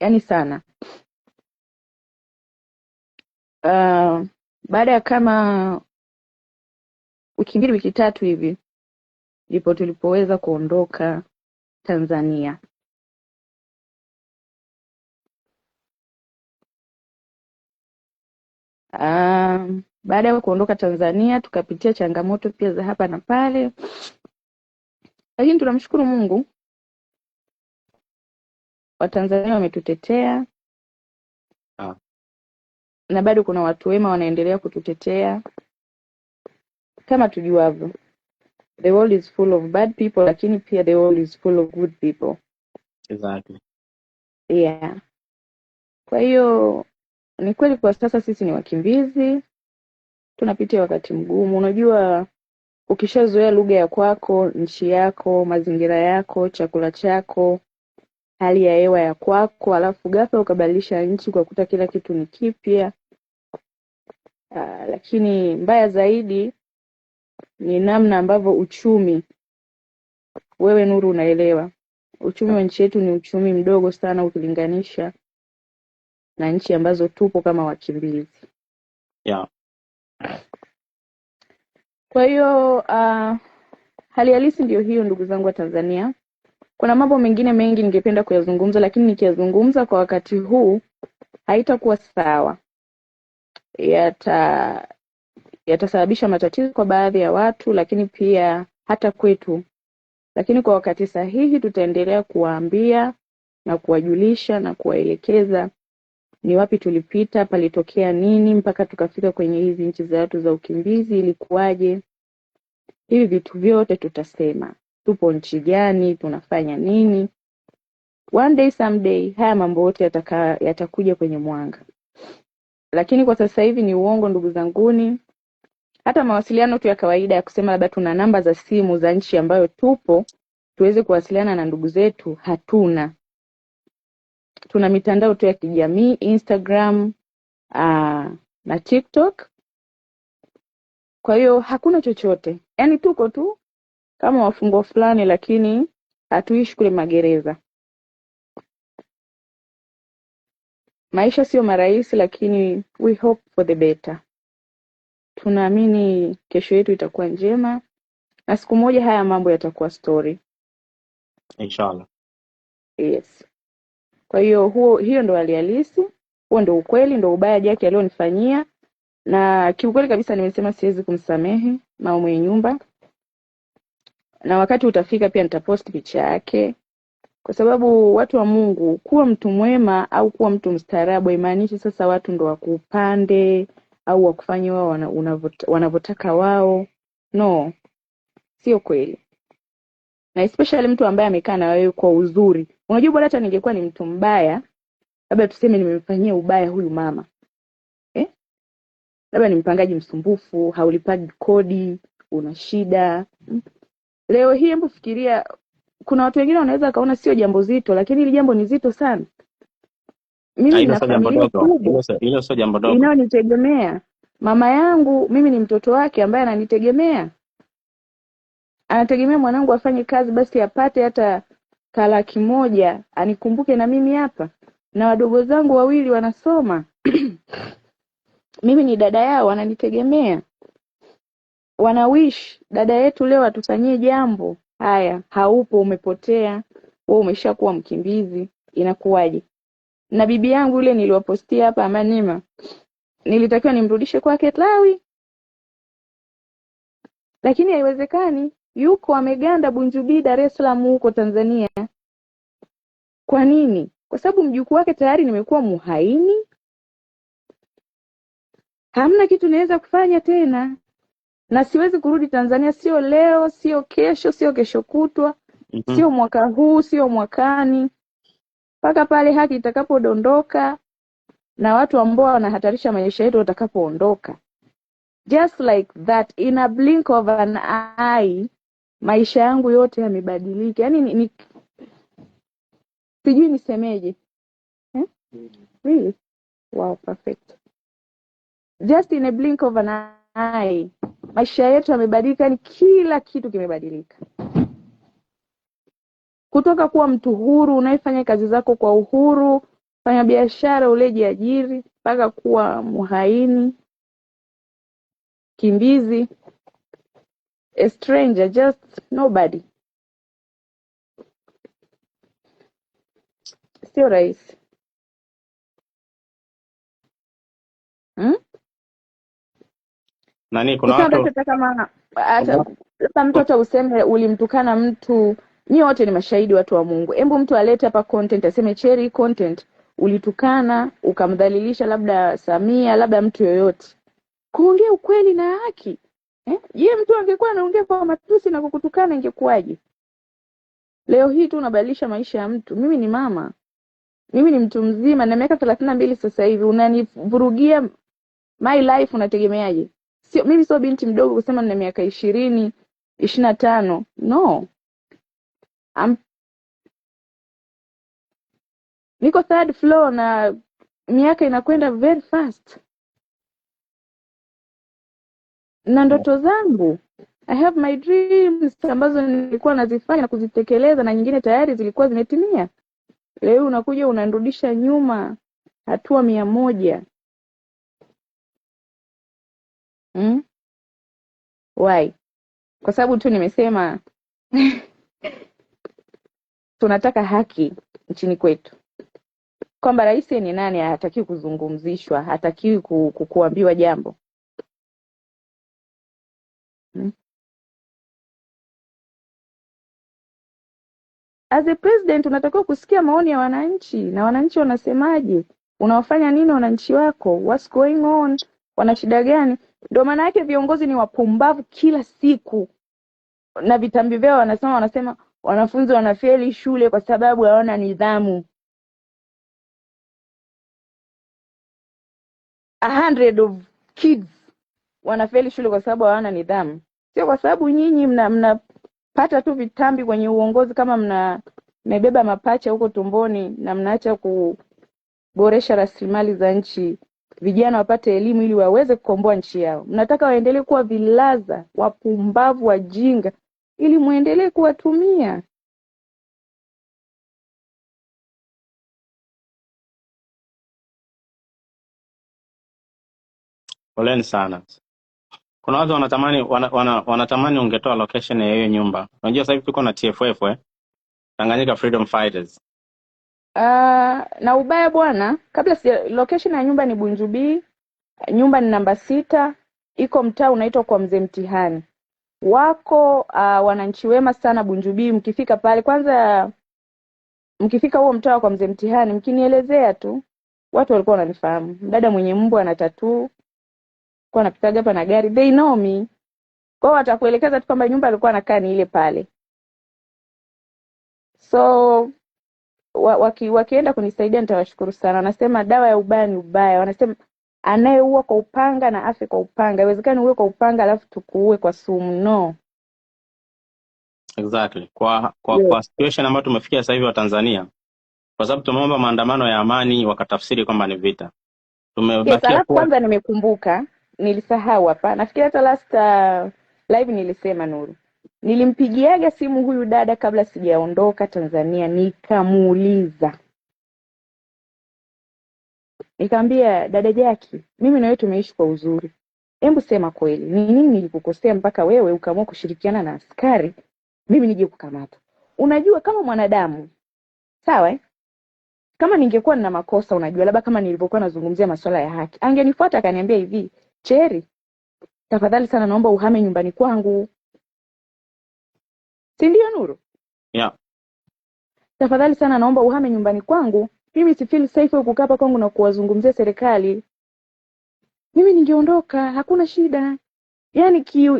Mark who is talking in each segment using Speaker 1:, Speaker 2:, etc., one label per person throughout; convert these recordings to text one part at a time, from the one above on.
Speaker 1: yani sana uh, baada ya kama wiki mbili wiki tatu hivi ndipo tulipoweza kuondoka Tanzania. Uh, baada ya kuondoka Tanzania tukapitia changamoto pia za hapa na pale, lakini tunamshukuru Mungu Watanzania wametutetea ah, na bado kuna watu wema wanaendelea kututetea kama tujuavyo, the world is full of bad people, lakini pia the world is full of good people. Exactly. Yeah. Kwa hiyo ni kweli kwa sasa sisi ni wakimbizi, tunapitia wakati mgumu. Unajua, ukishazoea lugha ya kwako, nchi yako, mazingira yako, chakula chako, hali ya hewa ya kwako alafu ghafla ukabadilisha nchi ukakuta kila kitu ni kipya ah, lakini mbaya zaidi ni namna ambavyo uchumi, wewe Nuru unaelewa, uchumi wa nchi yetu ni uchumi mdogo sana ukilinganisha na nchi ambazo tupo kama wakimbizi yeah. Kwa hiyo uh, hali halisi ndio hiyo, ndugu zangu wa Tanzania, kuna mambo mengine mengi ningependa kuyazungumza, lakini nikiyazungumza kwa wakati huu haitakuwa sawa, yata yatasababisha matatizo kwa baadhi ya watu, lakini pia hata kwetu. Lakini kwa wakati sahihi tutaendelea kuwaambia na kuwajulisha na kuwaelekeza ni wapi tulipita, palitokea nini mpaka tukafika kwenye hizi nchi za watu za ukimbizi, ilikuwaje. Hivi vitu vyote tutasema tupo nchi gani, tunafanya nini. One day someday, haya mambo yote yatakuja kwenye mwanga, lakini kwa sasa hivi ni uongo, ndugu zanguni. Hata mawasiliano tu ya kawaida ya kusema labda tuna namba za simu za nchi ambayo tupo tuweze kuwasiliana na ndugu zetu, hatuna. Tuna mitandao tu ya kijamii Instagram, uh, na TikTok. Kwa hiyo hakuna chochote, yaani tuko tu kama wafungwa fulani lakini hatuishi kule magereza maisha sio marahisi lakini we hope for the better tunaamini kesho yetu itakuwa njema na siku moja haya mambo yatakuwa story inshallah yes kwa hiyo huo hiyo ndo alihalisi huo ndo ukweli ndo ubaya jaki alionifanyia na kiukweli kabisa nimesema siwezi kumsamehe maumwe nyumba na wakati utafika pia nitapost picha yake, kwa sababu watu wa Mungu, kuwa mtu mwema au kuwa mtu mstaarabu haimaanishi sasa watu ndo wakupande au wakufanye wao wanavyotaka wao. No, sio kweli, na especially mtu ambaye amekaa na wewe kwa uzuri. Unajua, bora hata ningekuwa ni mtu mbaya, labda tuseme nimemfanyia ubaya huyu mama eh? labda ni mpangaji msumbufu, haulipagi kodi, una shida Leo hii hebu fikiria, kuna watu wengine wanaweza kaona sio jambo zito, lakini hili jambo ni zito sana.
Speaker 2: Mimi nina ah, familia kubwa
Speaker 1: inayonitegemea, mama yangu mimi ni mtoto wake ambaye ananitegemea, anategemea mwanangu afanye kazi basi apate hata kalaki moja anikumbuke na mimi hapa, na wadogo zangu wawili wanasoma mimi ni dada yao, wananitegemea wanawishi dada yetu leo atufanyie jambo haya haupo umepotea wewe umeshakuwa mkimbizi inakuwaje na bibi yangu yule niliwapostia hapa amanima nilitakiwa nimrudishe kwake tlawi lakini haiwezekani yuko ameganda bunjubii dar es salaam huko tanzania kwa nini kwa sababu mjukuu wake tayari nimekuwa muhaini hamna kitu naweza kufanya tena na siwezi kurudi Tanzania, sio leo, sio kesho, sio kesho kutwa mm -hmm. sio mwaka huu, sio mwakani, mpaka pale haki itakapodondoka na watu ambao wanahatarisha maisha yetu watakapoondoka. Just like that in a blink of an eye, maisha yangu yote yamebadilika. Yani ni, ni, sijui nisemeje eh? Mhm. Really? Wow, perfect. Just in a blink of an eye hai, maisha yetu yamebadilika, yani kila kitu kimebadilika, kutoka kuwa mtu huru unayefanya kazi zako kwa uhuru, fanya biashara, ulejiajiri, mpaka kuwa muhaini, kimbizi, a stranger, just nobody. Sio rahisi hmm?
Speaker 2: nani kuna watu
Speaker 1: kama labda mtu hata useme ulimtukana mtu nyi wote ni mashahidi watu wa Mungu hebu mtu alete hapa content aseme Cherry content ulitukana ukamdhalilisha labda Samia labda mtu yoyote kuongea ukweli na haki eh? je mtu angekuwa anaongea kwa matusi na kukutukana ingekuwaje leo hii tu unabadilisha maisha ya mtu mimi ni mama mimi ni mtu mzima na miaka thelathini na mbili sasa hivi unanivurugia my life unategemeaje sio, mimi sio binti mdogo kusema nina miaka ishirini ishirini na tano no I'm, niko third floor na miaka inakwenda very fast na ndoto zangu I have my dreams ambazo nilikuwa nazifanya na kuzitekeleza na nyingine tayari zilikuwa zimetimia. Leo unakuja unarudisha nyuma hatua mia moja mm? Why? Kwa sababu tu nimesema tunataka haki nchini kwetu, kwamba rais ni nani, hatakiwi kuzungumzishwa, hatakiwi ku, kuambiwa jambo mm? As a president unatakiwa kusikia maoni ya wananchi na wananchi wanasemaje, unawafanya nini wananchi wako, what's going on, wana shida gani? Ndio maana yake viongozi ni wapumbavu kila siku, na vitambi vyao wanasema, wanasema wanafunzi wanafeli shule kwa sababu hawana nidhamu. A hundred of kids wanafeli shule kwa sababu hawana nidhamu, sio kwa sababu nyinyi mnapata mna tu vitambi kwenye uongozi kama mna mebeba mapacha huko tumboni na mnaacha kuboresha rasilimali za nchi vijana wapate elimu ili waweze kukomboa nchi yao. Mnataka waendelee kuwa vilaza, wapumbavu, wajinga ili mwendelee kuwatumia.
Speaker 2: Poleni sana. Kuna watu wanatamani wana, wana, wanatamani ungetoa location ya hiyo nyumba. Unajua sasa hivi tuko na TFF eh? Tanganyika Freedom Fighters.
Speaker 1: Uh, na ubaya bwana, kabla si location ya nyumba ni Bunjubii, nyumba ni namba sita, iko mtaa unaitwa kwa mzee Mtihani. Wako uh, wananchi wema sana Bunjubii. Mkifika pale kwanza, mkifika huo mtaa kwa mzee Mtihani, mkinielezea tu, watu walikuwa wananifahamu. Dada mwenye mbwa ana tatuu, kwa napitaga hapa na gari, they know me, kwao watakuelekeza tu kwamba nyumba alikuwa anakaa ni ile pale so waki, wakienda kunisaidia nitawashukuru sana. Wanasema dawa ya ubaya ni ubaya, wanasema anayeua kwa upanga na afe kwa upanga. Haiwezekani uwe kwa upanga alafu tukuue kwa sumu, no. Exactly. Kwa kwa, yeah. Kwa situation ambayo tumefikia sasa hivi wa Tanzania, kwa sababu tumeomba maandamano ya amani wakatafsiri kwamba ni vita. Yes, alafu kwanza nimekumbuka, nilisahau hapa. Nafikiri hata last uh, live nilisema Nuru Nilimpigiaga simu huyu dada kabla sijaondoka Tanzania nikamuuliza nikamwambia dada Jaki, mimi na wewe tumeishi kwa uzuri, hebu sema kweli, ni nini nilikukosea mpaka wewe ukaamua kushirikiana na askari mimi nije kukamata? Unajua kama mwanadamu sawa eh? kama ningekuwa nina makosa, unajua labda kama nilivyokuwa nazungumzia masuala ya haki, angenifuata akaniambia hivi, Cheri, tafadhali sana, naomba uhame nyumbani kwangu, si ndio Nuru? Yeah. Tafadhali sana naomba uhame nyumbani kwangu, mimi si feel safe kukaa hapa kwangu na kuwazungumzia serikali. Mimi ningeondoka, hakuna shida. Yaani ki,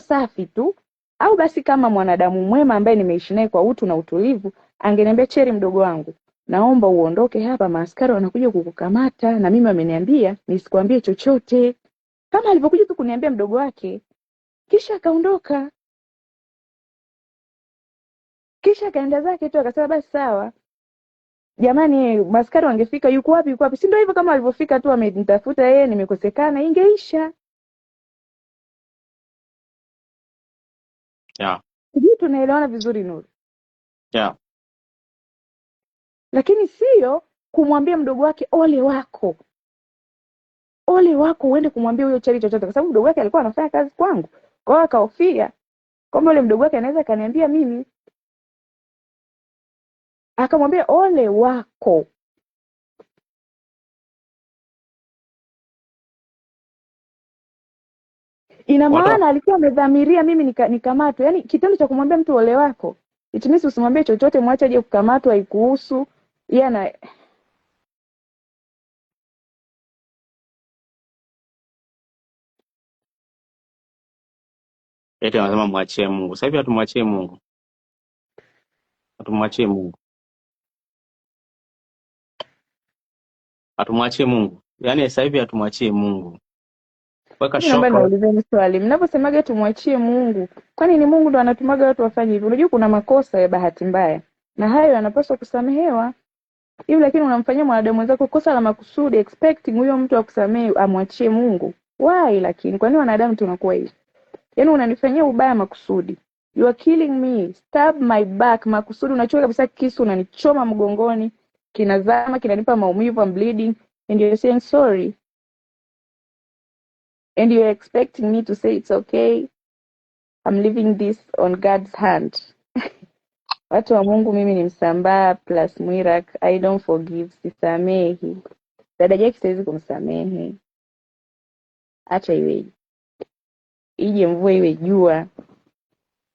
Speaker 1: safi tu au basi kama mwanadamu mwema ambaye nimeishi naye kwa utu na utulivu angeniambia Cheri, mdogo wangu, naomba uondoke hapa, maaskari wanakuja kukukamata, na mimi wameniambia nisikwambie chochote, kama alivyokuja tu kuniambia mdogo wake, kisha akaondoka. Kisha akaenda zake tu akasema basi sawa. Jamani, maskari wangefika, yuko wapi, yuko wapi? Si ndio hivyo, kama walivyofika tu wamenitafuta yeye, nimekosekana, ingeisha. Yeah. Sijui tunaelewana vizuri Nuru? Yeah. Lakini sio kumwambia mdogo wake ole wako ole wako uende kumwambia huyo chali chochote, kwa sababu mdogo wake alikuwa anafanya kazi kwangu. kwao akahofia kwamba ule mdogo wake anaweza akaniambia mimi Akamwambia ole wako ina maana alikuwa amedhamiria mimi nikamatwe yani kitendo cha kumwambia mtu ole wako itimisi usimwambie chochote mwache aje kukamatwa haikuhusu yana eti anasema mwachie Mungu. sahivi hatumwachie Mungu, hatumwachie Mungu. atumwachie Mungu. Yaani sasa hivi atumwachie Mungu. Weka shoko. Naulizeni swali, mnaposemaga tumwachie Mungu, kwani ni Mungu ndo anatumaga watu wafanye hivyo? Unajua kuna makosa ya bahati mbaya na hayo yanapaswa kusamehewa hivi, lakini unamfanyia mwanadamu wenzako kosa la makusudi expecting huyo mtu akusamehe, amwachie Mungu. Why? Lakini kwani wanadamu tunakuwa hivi? Yaani unanifanyia ubaya makusudi. You are killing me. Stab my back makusudi, Unachoka kabisa kisu unanichoma mgongoni kinazama kinanipa maumivu I'm bleeding and you're saying sorry and you're expecting me to say it's okay I'm leaving this on God's hand watu wa Mungu mimi ni msambaa plus mwirak I don't forgive sisamehi dada Jackie siwezi kumsamehe acha iweje ije mvua iwe jua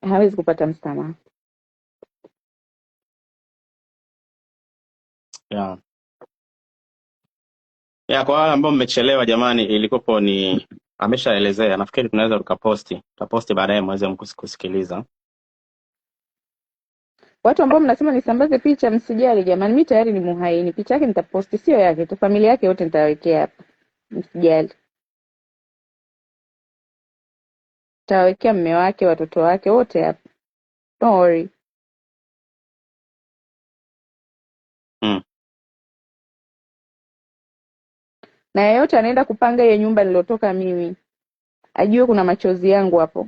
Speaker 1: hawezi kupata msamaha Yeah. Yeah, kwa wale ambao mmechelewa jamani, ilikopo ni ameshaelezea, nafikiri tunaweza tukaposti, tutaposti baadaye mweze kusikiliza. Watu ambao mnasema nisambaze picha, msijali jamani, mi tayari ni muhaini. Picha yake nitaposti, sio yake tu, familia yake yote nitawawekea hapa, msijali. tawekea mme wake, watoto wake wote hapa, don't worry. Mm. na yeyote anaenda kupanga ile nyumba nilotoka mimi ajue kuna machozi yangu hapo.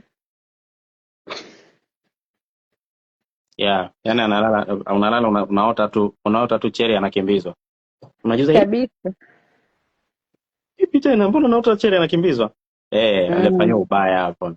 Speaker 1: Yeah, yani analala, unalala una, unaota tu unaota tu Cheri anakimbizwa. Unajua kabisa hii picha ina mbona unaota Cheri anakimbizwa? Eh, hey, mm. alifanya ubaya hapo.